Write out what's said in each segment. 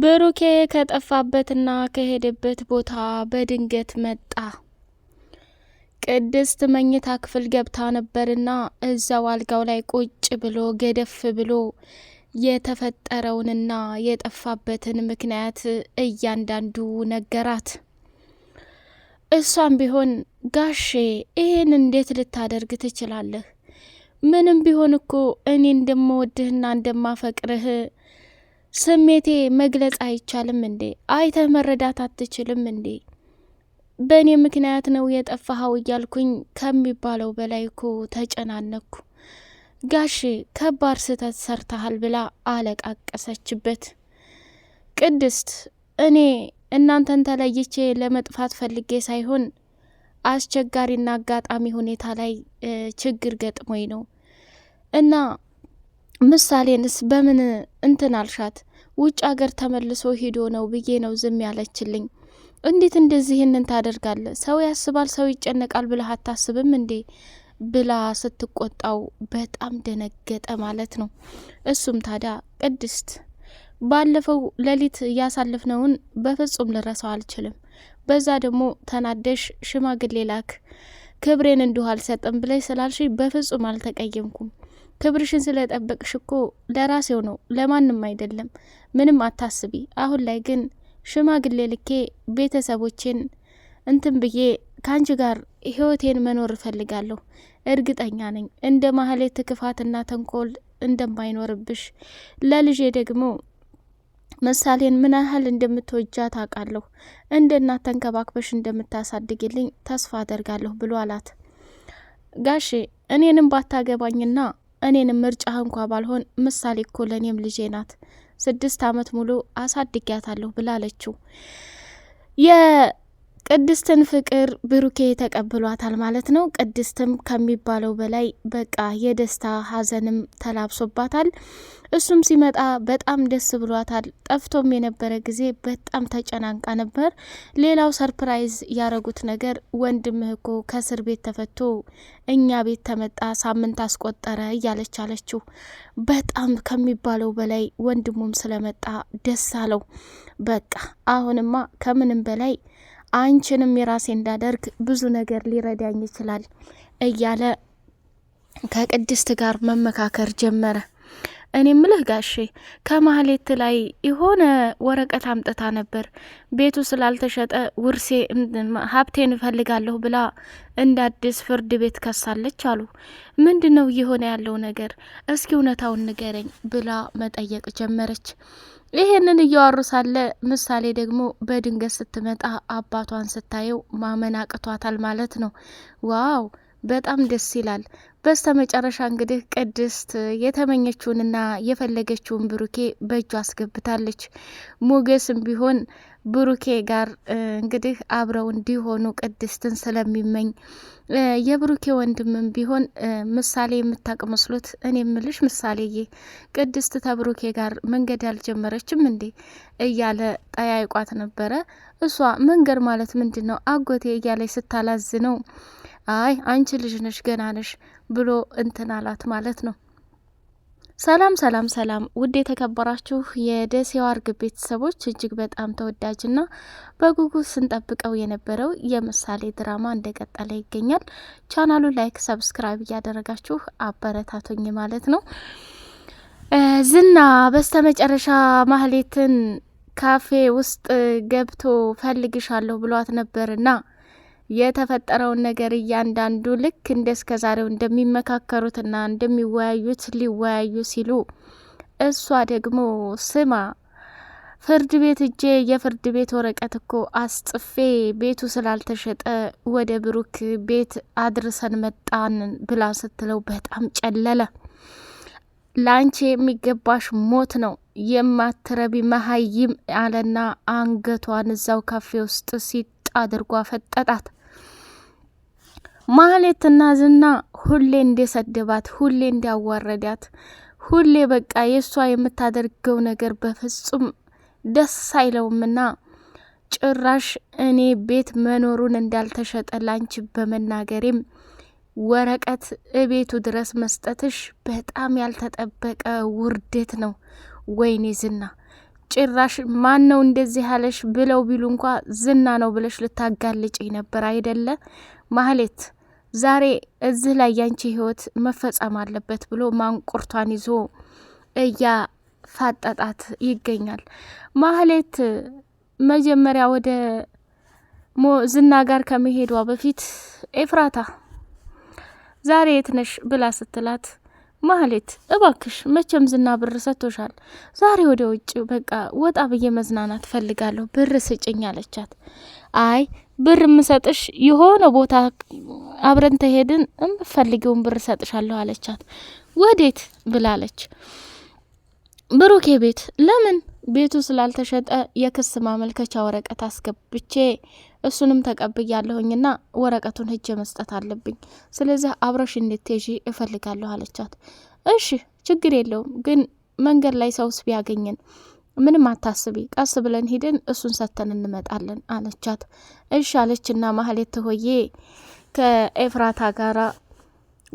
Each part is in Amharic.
ብሩኬ ከጠፋበትና ከሄደበት ቦታ በድንገት መጣ። ቅድስት መኝታ ክፍል ገብታ ነበርና እዛው አልጋው ላይ ቁጭ ብሎ ገደፍ ብሎ የተፈጠረውንና የጠፋበትን ምክንያት እያንዳንዱ ነገራት። እሷም ቢሆን ጋሼ ይህን እንዴት ልታደርግ ትችላለህ? ምንም ቢሆን እኮ እኔ እንደምወድህና እንደማፈቅርህ ስሜቴ መግለጽ አይቻልም እንዴ? አይተህ መረዳት አትችልም እንዴ? በእኔ ምክንያት ነው የጠፋኸው እያልኩኝ ከሚባለው በላይ እኮ ተጨናነኩ። ጋሽ ከባድ ስህተት ሰርተሃል ብላ አለቃቀሰችበት። ቅድስት እኔ እናንተን ተለይቼ ለመጥፋት ፈልጌ ሳይሆን አስቸጋሪና አጋጣሚ ሁኔታ ላይ ችግር ገጥሞኝ ነው እና ምሳሌንስ በምን እንትን አልሻት? ውጭ አገር ተመልሶ ሂዶ ነው ብዬ ነው ዝም ያለችልኝ። እንዴት እንደዚህ ይህንን ታደርጋለ? ሰው ያስባል፣ ሰው ይጨነቃል ብለህ አታስብም እንዴ? ብላ ስትቆጣው በጣም ደነገጠ ማለት ነው። እሱም ታዲያ ቅድስት ባለፈው ሌሊት እያሳለፍነውን በፍጹም ልረሳው አልችልም። በዛ ደግሞ ተናደሽ ሽማግሌ ላክ ክብሬን እንዲሁ አልሰጥም ብለሽ ስላልሽ በፍጹም አልተቀየምኩም። ክብርሽን ስለጠበቅሽ እኮ ለራሴው ነው ለማንም አይደለም። ምንም አታስቢ። አሁን ላይ ግን ሽማግሌ ልኬ ቤተሰቦቼን እንትን ብዬ ከአንቺ ጋር ህይወቴን መኖር እፈልጋለሁ። እርግጠኛ ነኝ እንደ ማህሌት ክፋትና ተንኮል እንደማይኖርብሽ፣ ለልጄ ደግሞ ምሳሌን ምን ያህል እንደምትወጃ ታውቃለሁ። እንደ እናት ተንከባክበሽ እንደምታሳድግልኝ ተስፋ አደርጋለሁ ብሎ አላት። ጋሼ እኔንም ባታገባኝና እኔንም ምርጫህ እንኳ ባልሆን ምሳሌ እኮ ለእኔም ልጄ ናት፣ ስድስት አመት ሙሉ አሳድጊያታለሁ ብላለችው። ቅድስትን ፍቅር ብሩኬ ተቀብሏታል ማለት ነው። ቅድስትም ከሚባለው በላይ በቃ የደስታ ሀዘንም ተላብሶባታል። እሱም ሲመጣ በጣም ደስ ብሏታል። ጠፍቶም የነበረ ጊዜ በጣም ተጨናንቃ ነበር። ሌላው ሰርፕራይዝ ያረጉት ነገር ወንድምህ እኮ ከእስር ቤት ተፈቶ እኛ ቤት ተመጣ ሳምንት አስቆጠረ እያለች አለችው። በጣም ከሚባለው በላይ ወንድሙም ስለመጣ ደስ አለው። በቃ አሁንማ ከምንም በላይ አንቺንም የራሴ እንዳደርግ ብዙ ነገር ሊረዳኝ ይችላል እያለ ከቅድስት ጋር መመካከር ጀመረ። እኔ ምልህ ጋሼ ከማህሌት ላይ የሆነ ወረቀት አምጥታ ነበር። ቤቱ ስላልተሸጠ ውርሴ ሀብቴን እፈልጋለሁ ብላ እንደ አዲስ ፍርድ ቤት ከሳለች አሉ። ምንድን ነው እየሆነ ያለው ነገር? እስኪ እውነታውን ንገረኝ ብላ መጠየቅ ጀመረች። ይህንን እያወሩ ሳለ ምሳሌ ደግሞ በድንገት ስትመጣ አባቷን ስታየው ማመን አቅቷታል ማለት ነው። ዋው በጣም ደስ ይላል። በስተ መጨረሻ እንግዲህ ቅድስት የተመኘችውንና የፈለገችውን ብሩኬ በእጁ አስገብታለች። ሞገስም ቢሆን ብሩኬ ጋር እንግዲህ አብረው እንዲሆኑ ቅድስትን ስለሚመኝ የብሩኬ ወንድምም ቢሆን ምሳሌ የምታቅ መስሎት እኔ ምልሽ ምሳሌዬ ቅድስት ተብሩኬ ጋር መንገድ ያልጀመረችም እንዴ እያለ ጠያይቋት ነበረ። እሷ መንገድ ማለት ምንድን ነው አጎቴ እያለች ስታላዝ ነው አይ አንቺ ልጅ ነሽ ገና ነሽ ብሎ እንትን አላት ማለት ነው። ሰላም ሰላም ሰላም! ውድ የተከበራችሁ የደሴዋ እርግብ ቤተሰቦች እጅግ በጣም ተወዳጅና በጉጉት ስንጠብቀው የነበረው የምሳሌ ድራማ እንደቀጠለ ይገኛል። ቻናሉ ላይክ፣ ሰብስክራይብ እያደረጋችሁ አበረታቶኝ ማለት ነው። ዝና በስተመጨረሻ ማህሌትን ካፌ ውስጥ ገብቶ ፈልግሻለሁ ብሏት ነበርና የተፈጠረውን ነገር እያንዳንዱ ልክ እንደ እስከ ዛሬው እንደሚመካከሩትና እንደሚወያዩት ሊወያዩ ሲሉ እሷ ደግሞ ስማ ፍርድ ቤት እጄ የፍርድ ቤት ወረቀት እኮ አስጽፌ ቤቱ ስላልተሸጠ ወደ ብሩክ ቤት አድርሰን መጣን ብላ ስትለው በጣም ጨለለ። ለአንቺ የሚገባሽ ሞት ነው የማትረቢ መሀይም አለና አንገቷን እዛው ካፌ ውስጥ ሲጥ አድርጓ ፈጠጣት። ማህሌትና ዝና ሁሌ እንደሰደባት፣ ሁሌ እንዲያዋረዳት ሁሌ በቃ የእሷ የምታደርገው ነገር በፍጹም ደስ አይለውምና ጭራሽ እኔ ቤት መኖሩን እንዳልተሸጠ ላንቺ በመናገሬም ወረቀት እቤቱ ድረስ መስጠትሽ በጣም ያልተጠበቀ ውርደት ነው። ወይኔ ዝና ጭራሽ ማን ነው እንደዚህ ያለሽ ብለው ቢሉ እንኳ ዝና ነው ብለሽ ልታጋልጭ ነበር አይደለ ማህሌት? ዛሬ እዚህ ላይ ያንቺ ህይወት መፈጸም አለበት ብሎ ማንቁርቷን ይዞ እያፋጠጣት ይገኛል። ማህሌት መጀመሪያ ወደ ዝና ጋር ከመሄዷ በፊት ኤፍራታ ዛሬ የት ነሽ ብላ ስትላት ማህሌት እባክሽ መቼም ዝና ብር ሰጥቶሻል። ዛሬ ወደ ውጭ በቃ ወጣ ብዬ መዝናናት ፈልጋለሁ ብር ስጭኝ አለቻት። አይ ብር ምሰጥሽ የሆነ ቦታ አብረን ተሄድን እምፈልጊውን ብር ሰጥሻለሁ አለቻት። ወዴት ብላለች ብሩኬ ቤት። ለምን ቤቱ ስላልተሸጠ የክስ ማመልከቻ ወረቀት አስገብቼ እሱንም ተቀብያለሁኝና ወረቀቱን ሄጄ መስጠት አለብኝ። ስለዚህ አብረሽ እንድትሄጂ እፈልጋለሁ አለቻት። እሺ ችግር የለውም ግን መንገድ ላይ ሰውስ ቢያገኝን ምንም አታስቢ፣ ቀስ ብለን ሂደን እሱን ሰጥተን እንመጣለን አለቻት። እሺ አለችና ማህሌት ሆዬ ከኤፍራታ ጋር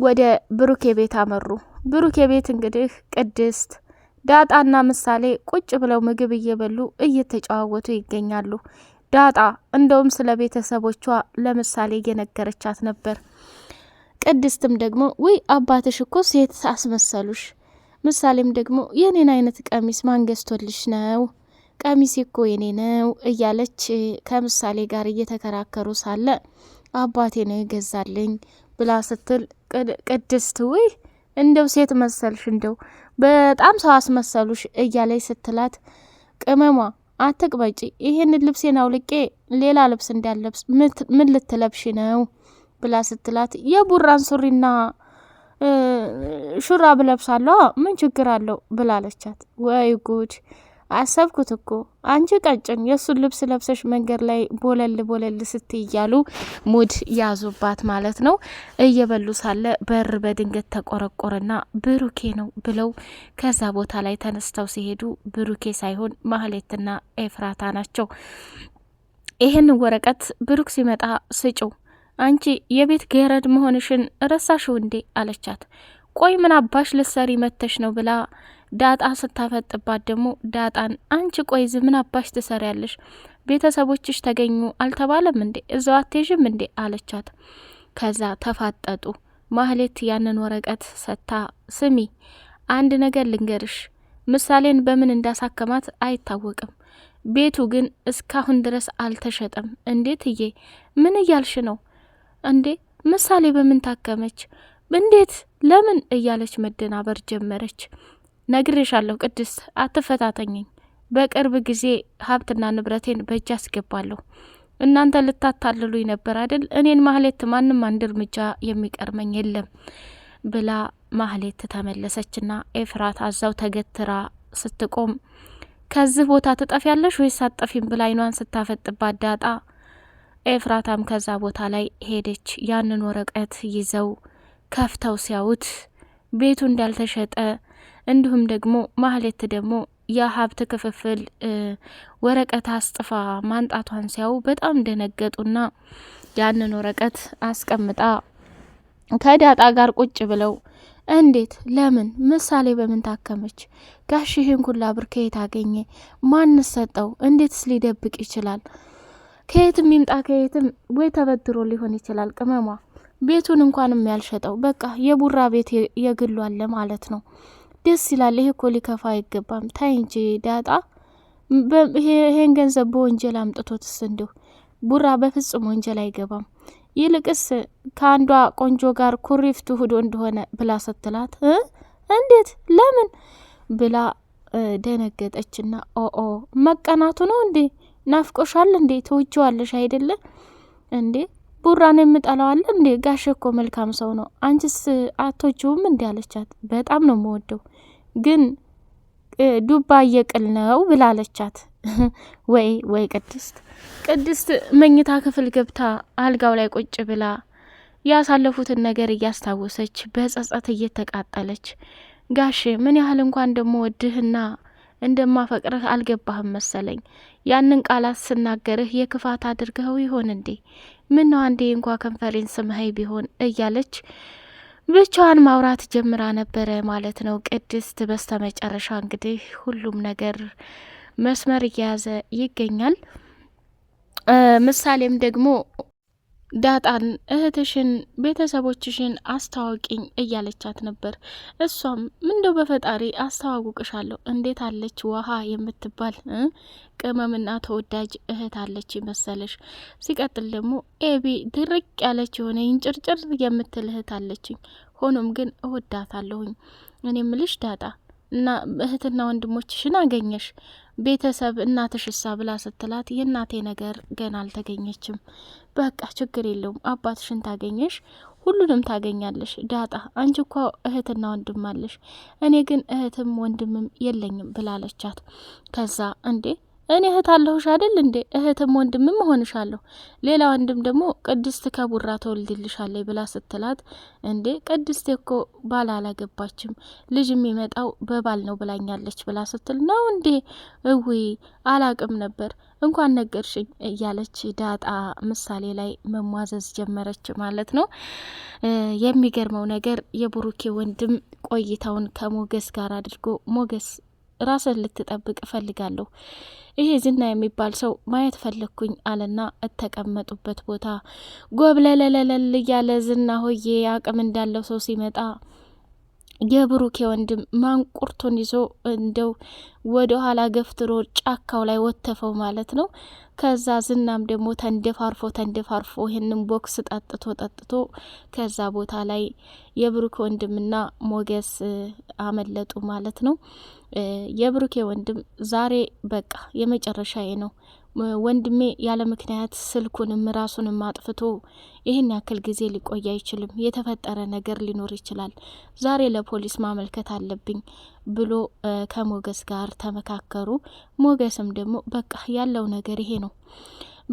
ወደ ብሩኬ ቤት አመሩ። ብሩኬ ቤት እንግዲህ ቅድስት ዳጣና ምሳሌ ቁጭ ብለው ምግብ እየበሉ እየተጨዋወቱ ይገኛሉ። ዳጣ እንደውም ስለ ቤተሰቦቿ ለምሳሌ እየነገረቻት ነበር። ቅድስትም ደግሞ ውይ አባትሽ እኮ ሴት አስመሰሉሽ። ምሳሌም ደግሞ የኔን አይነት ቀሚስ ማን ገዝቶልሽ ነው? ቀሚስ እኮ የኔ ነው እያለች ከምሳሌ ጋር እየተከራከሩ ሳለ አባቴ ነው የገዛልኝ ብላ ስትል ቅድስት ውይ እንደው ሴት መሰልሽ እንደው በጣም ሰው አስመሰሉሽ እያለች ስትላት ቅመሟ አትቅበጪ ይሄንን ልብሴን አውልቄ ሌላ ልብስ እንዳለብስ ምን ልትለብሽ ነው ብላ ስትላት የቡራን ሱሪና ሹራብ ለብሳለሁ ምን ችግር አለው ብላለቻት። ወይ ጉድ አሰብኩት እኮ አንቺ ቀጭን የእሱን ልብስ ለብሰሽ መንገድ ላይ ቦለል ቦለል ስት እያሉ ሙድ ያዙባት ማለት ነው። እየበሉ ሳለ በር በድንገት ተቆረቆረና ብሩኬ ነው ብለው ከዛ ቦታ ላይ ተነስተው ሲሄዱ ብሩኬ ሳይሆን ማህሌትና ኤፍራታ ናቸው። ይህን ወረቀት ብሩክ ሲመጣ ስጭው፣ አንቺ የቤት ገረድ መሆንሽን ረሳሽው እንዴ አለቻት። ቆይ ምን አባሽ ልሰሪ መተሽ ነው ብላ ዳጣ ስታፈጥባት ደግሞ ዳጣን አንቺ ቆይ ምን አባሽ ትሰሪያለሽ? ቤተሰቦችሽ ተገኙ አልተባለም እንዴ? እዛው አትዥም እንዴ አለቻት። ከዛ ተፋጠጡ። ማህሌት ያንን ወረቀት ሰጥታ ስሚ፣ አንድ ነገር ልንገርሽ፣ ምሳሌን በምን እንዳሳከማት አይታወቅም። ቤቱ ግን እስካሁን ድረስ አልተሸጠም። እንዴት እዬ፣ ምን እያልሽ ነው እንዴ? ምሳሌ በምን ታከመች? እንዴት? ለምን? እያለች መደናበር ጀመረች። ነግሬሻለሁ ቅድስት፣ አትፈታተኝኝ። በቅርብ ጊዜ ሀብትና ንብረቴን በእጅ አስገባለሁ። እናንተ ልታታልሉኝ ነበር አይደል? እኔን ማህሌት፣ ማንም አንድ እርምጃ የሚቀርመኝ የለም ብላ ማህሌት ተመለሰችና ኤፍራት አዛው ተገትራ ስትቆም ከዚህ ቦታ ትጠፊያለሽ ወይስ አጠፊም ብላ አይኗን ስታፈጥባት ዳጣ ኤፍራታም ከዛ ቦታ ላይ ሄደች። ያንን ወረቀት ይዘው ከፍተው ሲያዩት ቤቱ እንዳልተሸጠ እንዲሁም ደግሞ ማህሌት ደግሞ የሀብት ክፍፍል ወረቀት አስጥፋ ማንጣቷን ሲያዩ በጣም ደነገጡና ያንን ወረቀት አስቀምጣ ከዳጣ ጋር ቁጭ ብለው እንዴት ለምን ምሳሌ በምን ታከመች? ጋሽ ይህን ኩላ ብር ከየት አገኘ? ማን ሰጠው? እንዴትስ ሊደብቅ ይችላል? ከየትም ይምጣ ከየትም ወይ ተበድሮ ሊሆን ይችላል። ቅመሟ ቤቱን እንኳንም ያልሸጠው በቃ የቡራ ቤት የግሏለ ማለት ነው። ደስ ይላል። ይሄ እኮ ሊከፋ አይገባም። ታይ እንጂ ዳጣ ይሄን ገንዘብ በወንጀል አምጥቶትስ እንዲሁ ቡራ በፍጹም ወንጀል አይገባም። ይልቅስ ከአንዷ ቆንጆ ጋር ኩሪፍቱ ሁዶ እንደሆነ ብላ ስትላት እንዴት ለምን ብላ ደነገጠችና ኦኦ መቀናቱ ነው እንዴ? ናፍቆሻል እንዴ? ትውጅዋለሽ አይደለ እንዴ? ቡራን የምጠላዋለ እንዴ? ጋሽ እኮ መልካም ሰው ነው። አንቺስ አቶችውም እንዲ አለቻት። በጣም ነው የምወደው ግን ዱባ እየቅል ነው ብላለቻት። ወይ ወይ ቅድስት ቅድስት መኝታ ክፍል ገብታ አልጋው ላይ ቁጭ ብላ ያሳለፉትን ነገር እያስታወሰች በጸጸት እየተቃጠለች ጋሽ ምን ያህል እንኳን እንደምወድህና እንደማፈቅርህ አልገባህም መሰለኝ። ያንን ቃላት ስናገርህ የክፋት አድርገኸው ይሆን እንዴ? ነው አንዴ እንኳ ከንፈሬን ስመኸኝ ቢሆን እያለች ብቻዋን ማውራት ጀምራ ነበረ ማለት ነው ቅድስት። በስተ መጨረሻ እንግዲህ ሁሉም ነገር መስመር እየያዘ ይገኛል። ምሳሌም ደግሞ ዳጣን እህትሽን ቤተሰቦችሽን አስተዋውቂኝ እያለቻት ነበር። እሷም ምንደው በፈጣሪ አስተዋውቅሻለሁ፣ እንዴት አለች ውሃ የምትባል ቅመምና ተወዳጅ እህት አለች መሰለሽ። ሲቀጥል ደግሞ ኤቢ ድርቅ ያለች የሆነ ይንጭርጭር የምትል እህት አለችኝ። ሆኖም ግን እወዳታለሁኝ። እኔ ምልሽ ዳጣ እና እህትና ወንድሞችሽን አገኘሽ ቤተሰብ እናትሽ እሳ ብላ ስትላት የእናቴ ነገር ገና አልተገኘችም። በቃ ችግር የለውም አባትሽን ታገኘሽ ሁሉንም ታገኛለሽ። ዳጣ አንቺ እኮ እህትና ወንድም አለሽ፣ እኔ ግን እህትም ወንድምም የለኝም ብላለቻት። ከዛ እንዴ እኔ እህት አለሁሽ አይደል እንዴ? እህትም ወንድምም እሆንሻለሁ። ሌላ ወንድም ደግሞ ቅድስት ከቡራ ተወልድልሻለች ብላ ስትላት፣ እንዴ ቅድስት እኮ ባል አላገባችም ልጅ የሚመጣው በባል ነው ብላኛለች ብላ ስትል፣ ነው እንዴ? እዊ አላቅም ነበር እንኳን ነገርሽኝ እያለች ዳጣ ምሳሌ ላይ መሟዘዝ ጀመረች ማለት ነው። የሚገርመው ነገር የቡሩኬ ወንድም ቆይታውን ከሞገስ ጋር አድርጎ ሞገስ ራስን ልትጠብቅ እፈልጋለሁ። ይሄ ዝና የሚባል ሰው ማየት ፈለግኩኝ አለና እተቀመጡበት ቦታ ጎብለለለለል እያለ ዝና ሆዬ አቅም እንዳለው ሰው ሲመጣ የብሩኬ ወንድም ማንቁርቱን ይዞ እንደው ወደ ኋላ ገፍትሮ ጫካው ላይ ወተፈው ማለት ነው። ከዛ ዝናም ደግሞ ተንደፋርፎ ተንደፋርፎ ይህንም ቦክስ ጠጥቶ ጠጥቶ ከዛ ቦታ ላይ የብሩኬ ወንድምና ሞገስ አመለጡ ማለት ነው። የብሩኬ ወንድም ዛሬ በቃ የመጨረሻዬ ነው ወንድሜ ያለ ምክንያት ስልኩንም ራሱንም አጥፍቶ ይህን ያክል ጊዜ ሊቆይ አይችልም። የተፈጠረ ነገር ሊኖር ይችላል። ዛሬ ለፖሊስ ማመልከት አለብኝ ብሎ ከሞገስ ጋር ተመካከሩ። ሞገስም ደግሞ በቃ ያለው ነገር ይሄ ነው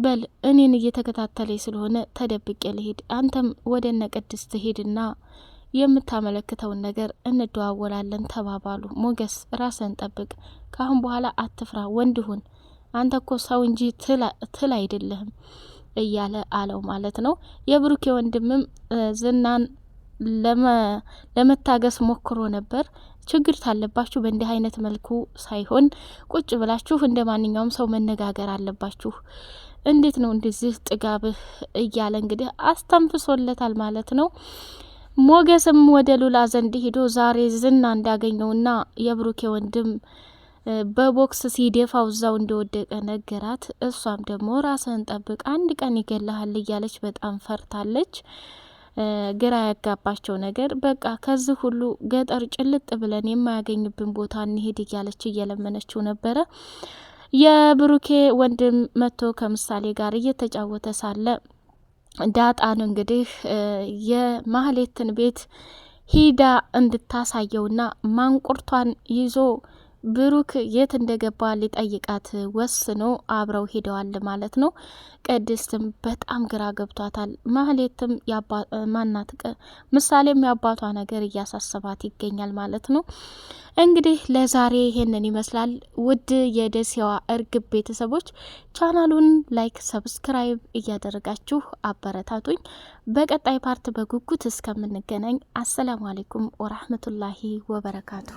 በል እኔን እየተከታተለ ስለሆነ ተደብቄ ልሄድ፣ አንተም ወደ እነ ቅድስት ሄድና የምታመለክተውን ነገር እንደዋወላለን ተባባሉ። ሞገስ ራስን ጠብቅ፣ ካሁን በኋላ አትፍራ፣ ወንድ ሁን። አንተ እኮ ሰው እንጂ ትል አይደለህም እያለ አለው ማለት ነው። የብሩኬ ወንድምም ዝናን ለመታገስ ሞክሮ ነበር። ችግር ታለባችሁ በእንዲህ አይነት መልኩ ሳይሆን ቁጭ ብላችሁ እንደ ማንኛውም ሰው መነጋገር አለባችሁ። እንዴት ነው እንደዚህ ጥጋብህ እያለ እንግዲህ አስተንፍሶለታል ማለት ነው። ሞገስም ወደ ሉላ ዘንድ ሂዶ ዛሬ ዝና እንዳገኘውና የብሩኬ ወንድም በቦክስ ሲደፋው እዛው እንደወደቀ ነገራት። እሷም ደግሞ ራስህን ጠብቅ፣ አንድ ቀን ይገላሃል እያለች በጣም ፈርታለች። ግራ ያጋባቸው ነገር በቃ ከዚህ ሁሉ ገጠር ጭልጥ ብለን የማያገኝብን ቦታ እንሄድ እያለች እየለመነችው ነበረ። የብሩኬ ወንድም መጥቶ ከምሳሌ ጋር እየተጫወተ ሳለ ዳጣን እንግዲህ የማህሌትን ቤት ሂዳ እንድታሳየውና ማንቁርቷን ይዞ ብሩክ የት እንደገባ ሊጠይቃት ወስኖ አብረው ሄደዋል ማለት ነው። ቅድስትም በጣም ግራ ገብቷታል። ማህሌትም ማናት ምሳሌም የአባቷ ነገር እያሳሰባት ይገኛል ማለት ነው። እንግዲህ ለዛሬ ይሄንን ይመስላል። ውድ የደሴዋ እርግብ ቤተሰቦች ቻናሉን ላይክ፣ ሰብስክራይብ እያደረጋችሁ አበረታቱኝ። በቀጣይ ፓርት በጉጉት እስከምንገናኝ አሰላሙ አሌይኩም ወራህመቱላሂ ወበረካቱ።